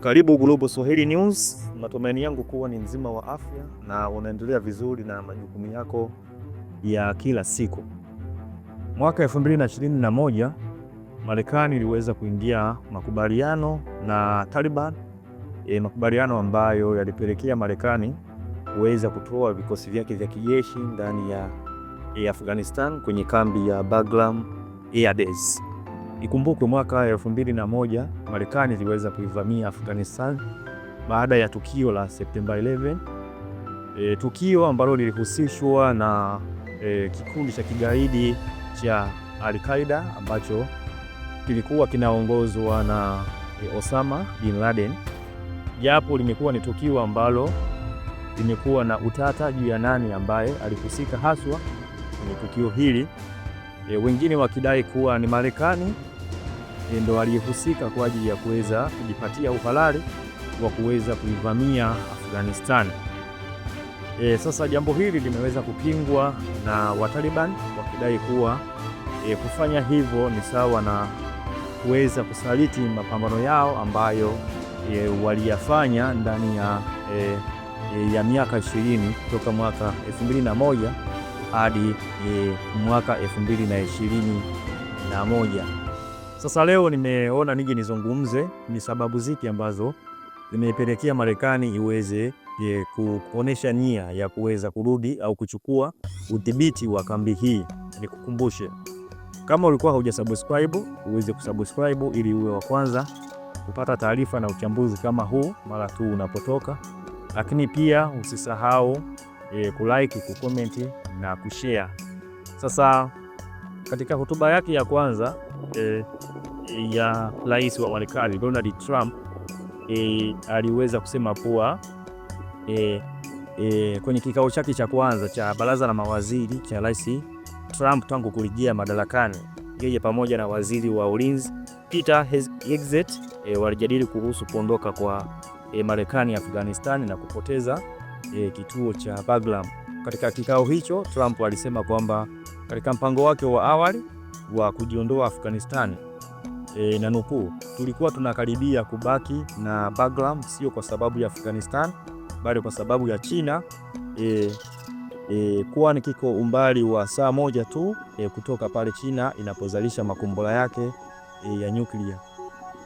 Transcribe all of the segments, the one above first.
Karibu Global Swahili News. Matumaini yangu kuwa ni nzima wa afya na unaendelea vizuri na majukumu yako ya kila siku. Mwaka 2021 Marekani iliweza kuingia makubaliano na Taliban e, makubaliano ambayo yalipelekea Marekani kuweza kutoa vikosi vyake vya kijeshi ndani ya e, Afghanistan kwenye kambi ya Bagram Air Base. Ikumbukwe mwaka elfu mbili na moja Marekani iliweza kuivamia Afghanistan baada ya tukio la Septemba 11, e, tukio ambalo lilihusishwa na e, kikundi cha kigaidi cha Al-Qaeda ambacho kilikuwa kinaongozwa na e, Osama bin Laden, japo limekuwa ni tukio ambalo limekuwa na utata juu ya nani ambaye alihusika haswa kwenye tukio hili e, wengine wakidai kuwa ni Marekani e, ndo aliyehusika kwa ajili ya kuweza kujipatia uhalali wa kuweza kuivamia Afghanistan. E, sasa jambo hili limeweza kupingwa na Wataliban wakidai kuwa e, kufanya hivyo ni sawa na kuweza kusaliti mapambano yao ambayo e, waliyafanya ndani ya, e, e ya miaka 20 kutoka mwaka 2001 hadi e, mwaka elfu mbili na ishirini na moja. Sasa leo nimeona nije nizungumze ni sababu zipi ambazo zimepelekea Marekani iweze e, kuonesha nia ya kuweza kurudi au kuchukua udhibiti wa kambi hii. Nikukumbushe, kama ulikuwa hujasubscribe uweze kusubscribe ili uwe wa kwanza kupata taarifa na uchambuzi kama huu mara tu unapotoka, lakini pia usisahau e, kulike, kucomment na kushare. Sasa katika hotuba yake ya kwanza e, ya rais wa Marekani Donald Trump e, aliweza kusema kuwa e, e, kwenye kikao chake cha kwanza cha baraza la mawaziri cha rais Trump tangu kurejea madarakani, yeye pamoja na waziri wa ulinzi Peter Hegseth e, walijadili kuhusu kuondoka kwa e, Marekani Afghanistan na kupoteza e, kituo cha Bagram. Katika kikao hicho, Trump alisema kwamba katika mpango wake wa awali wa kujiondoa Afghanistan e, eh, na nukuu, tulikuwa tunakaribia kubaki na Bagram sio kwa sababu ya Afghanistan bali kwa sababu ya China e, eh, e, ni kiko umbali wa saa moja tu e, kutoka pale China inapozalisha makombora yake e, ya nyuklia.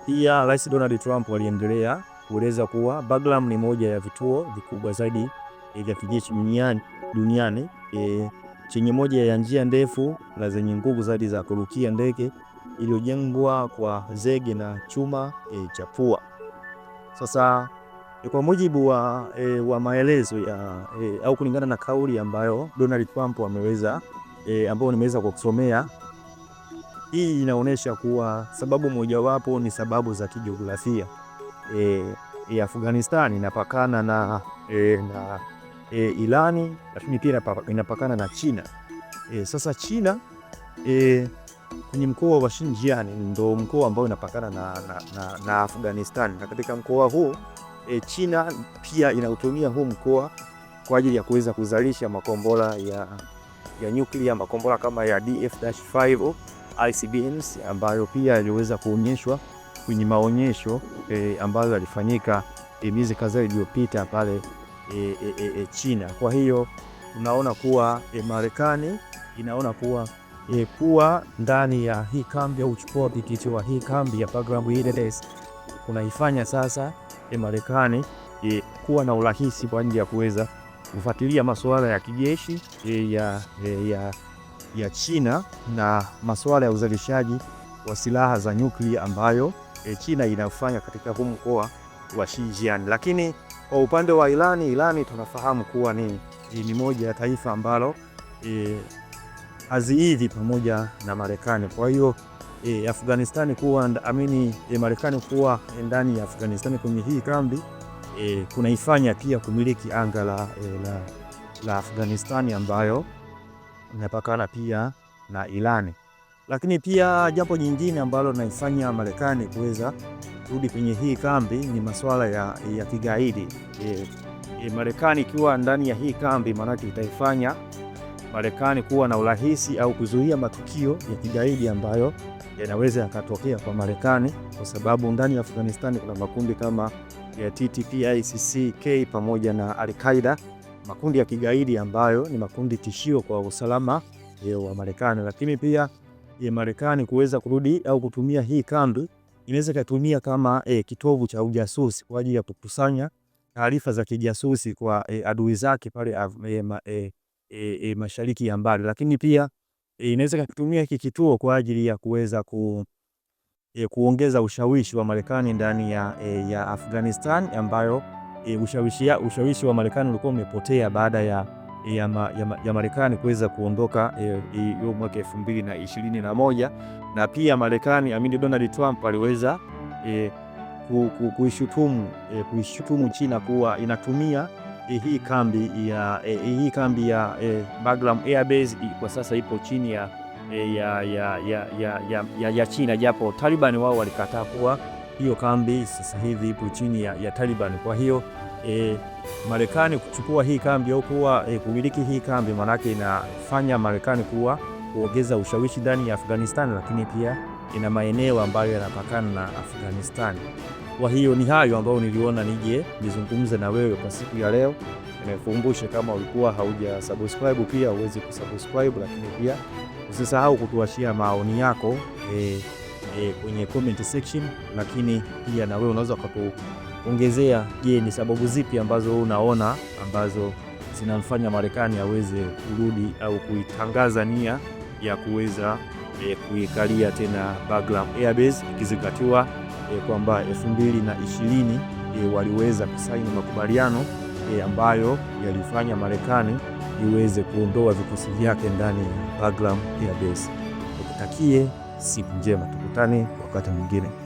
Pia Rais Donald Trump aliendelea kueleza kuwa Bagram ni moja ya vituo vikubwa zaidi eh, vya kijeshi duniani, duniani e, chenye moja ya njia ndefu na zenye nguvu zaidi za kurukia ndege iliyojengwa kwa zege na chuma e, cha pua. Sasa kwa mujibu wa, e, wa maelezo ya e, au kulingana na kauli ambayo Donald Trump ameweza e, ambayo nimeweza kwa kusomea, hii inaonyesha kuwa sababu mojawapo ni sababu za kijiografia e, e, Afghanistan inapakana na, e, na e, Irani lakini pia inapakana na China. E, sasa China e, kwenye mkoa wa Xinjiang ndo mkoa ambao unapakana na, na, na, na Afghanistan na katika mkoa huu e, China pia inautumia huu mkoa kwa ajili ya kuweza kuzalisha makombora ya, ya nyuklia, makombora kama ya DF-5 ICBMs ambayo pia yaliweza kuonyeshwa kwenye maonyesho e, ambayo yalifanyika e, miezi kadhaa iliyopita pale e, e, e, e China. Kwa hiyo unaona kuwa e, Marekani inaona kuwa e, kuwa ndani ya hii kambi ya uchukua dikiti wa hii kambi ya programu ile kunaifanya sasa e, Marekani e, kuwa na urahisi kwa ajili ya kuweza kufuatilia masuala ya kijeshi e, ya, e, ya, ya China na masuala ya uzalishaji wa silaha za nyuklia ambayo e, China inayofanya katika huu mkoa wa Xinjiang. Lakini kwa upande wa Irani, Irani tunafahamu kuwa ni, ni moja ya taifa ambalo e, aziidhi pamoja na Marekani. Kwa hiyo e, Afghanistan kuwa amini e, Marekani kuwa ndani ya Afghanistan kwenye hii kambi e, kunaifanya pia kumiliki anga la, e, la, la Afghanistani ambayo inapakana pia na Irani. Lakini pia jambo nyingine ambalo naifanya Marekani kuweza kurudi kwenye hii kambi ni masuala ya, ya kigaidi e, e, Marekani ikiwa ndani ya hii kambi maanake itaifanya Marekani kuwa na urahisi au kuzuia matukio ya kigaidi ambayo yanaweza yakatokea kwa Marekani, kwa sababu ndani ya Afghanistan kuna makundi kama ya K pamoja na Al-Qaeda, makundi ya kigaidi ambayo ni makundi tishio kwa usalama e, wa Marekani, lakini pia ya Marekani kuweza kurudi au kutumia hii kambi, inaweza ikatumia kama e, kitovu cha ujasusi kwa ajili ya kukusanya taarifa za kijasusi kwa e, adui zake pale e, ma, e, e, mashariki ya mbali, lakini pia e, inaweza ikatumia hiki kituo kwa ajili ya kuweza ku, e, kuongeza ushawishi wa Marekani ndani ya, e, ya Afghanistan ambayo e, ushawishi, ushawishi wa Marekani ulikuwa umepotea baada ya ya, ma, ya, ma, ya Marekani kuweza kuondoka eh, hiyo mwaka elfu mbili na ishirini na moja na pia Marekani amini Donald Trump aliweza e, ku, ku, kuishutumu e, kuishutumu China kuwa inatumia e, hii kambi ya, e, hii kambi ya e, Bagram Air Base kwa sasa ipo chini ya, e, ya, ya, ya, ya, ya, ya, ya China, japo Taliban wao walikataa kuwa hiyo kambi sasa hivi ipo chini ya, ya Taliban kwa hiyo e, Marekani kuchukua hii kambi au kuwa e, kumiliki hii kambi, maanake inafanya Marekani kuwa kuongeza ushawishi ndani ya Afghanistan, lakini pia ina maeneo ambayo yanapakana na Afghanistan. Kwa hiyo ni hayo ambayo niliona nije nizungumze na wewe kwa siku ya leo. Nimekumbushe kama ulikuwa hauja subscribe, pia uweze kusubscribe, lakini pia usisahau kutuashia maoni yako e, e, kwenye comment section, lakini pia na wewe unaweza ongezea, je, ni sababu zipi ambazo unaona ambazo zinamfanya Marekani aweze kurudi au kuitangaza nia ya kuweza e, kuikalia tena Bagram Airbase ikizingatiwa e, kwamba ishirini e, waliweza kusaini makubaliano e, ambayo yalifanya Marekani iweze kuondoa vikosi vyake ndani ya Bagram Airbase. Tukutakie siku njema, tukutane wakati mwingine.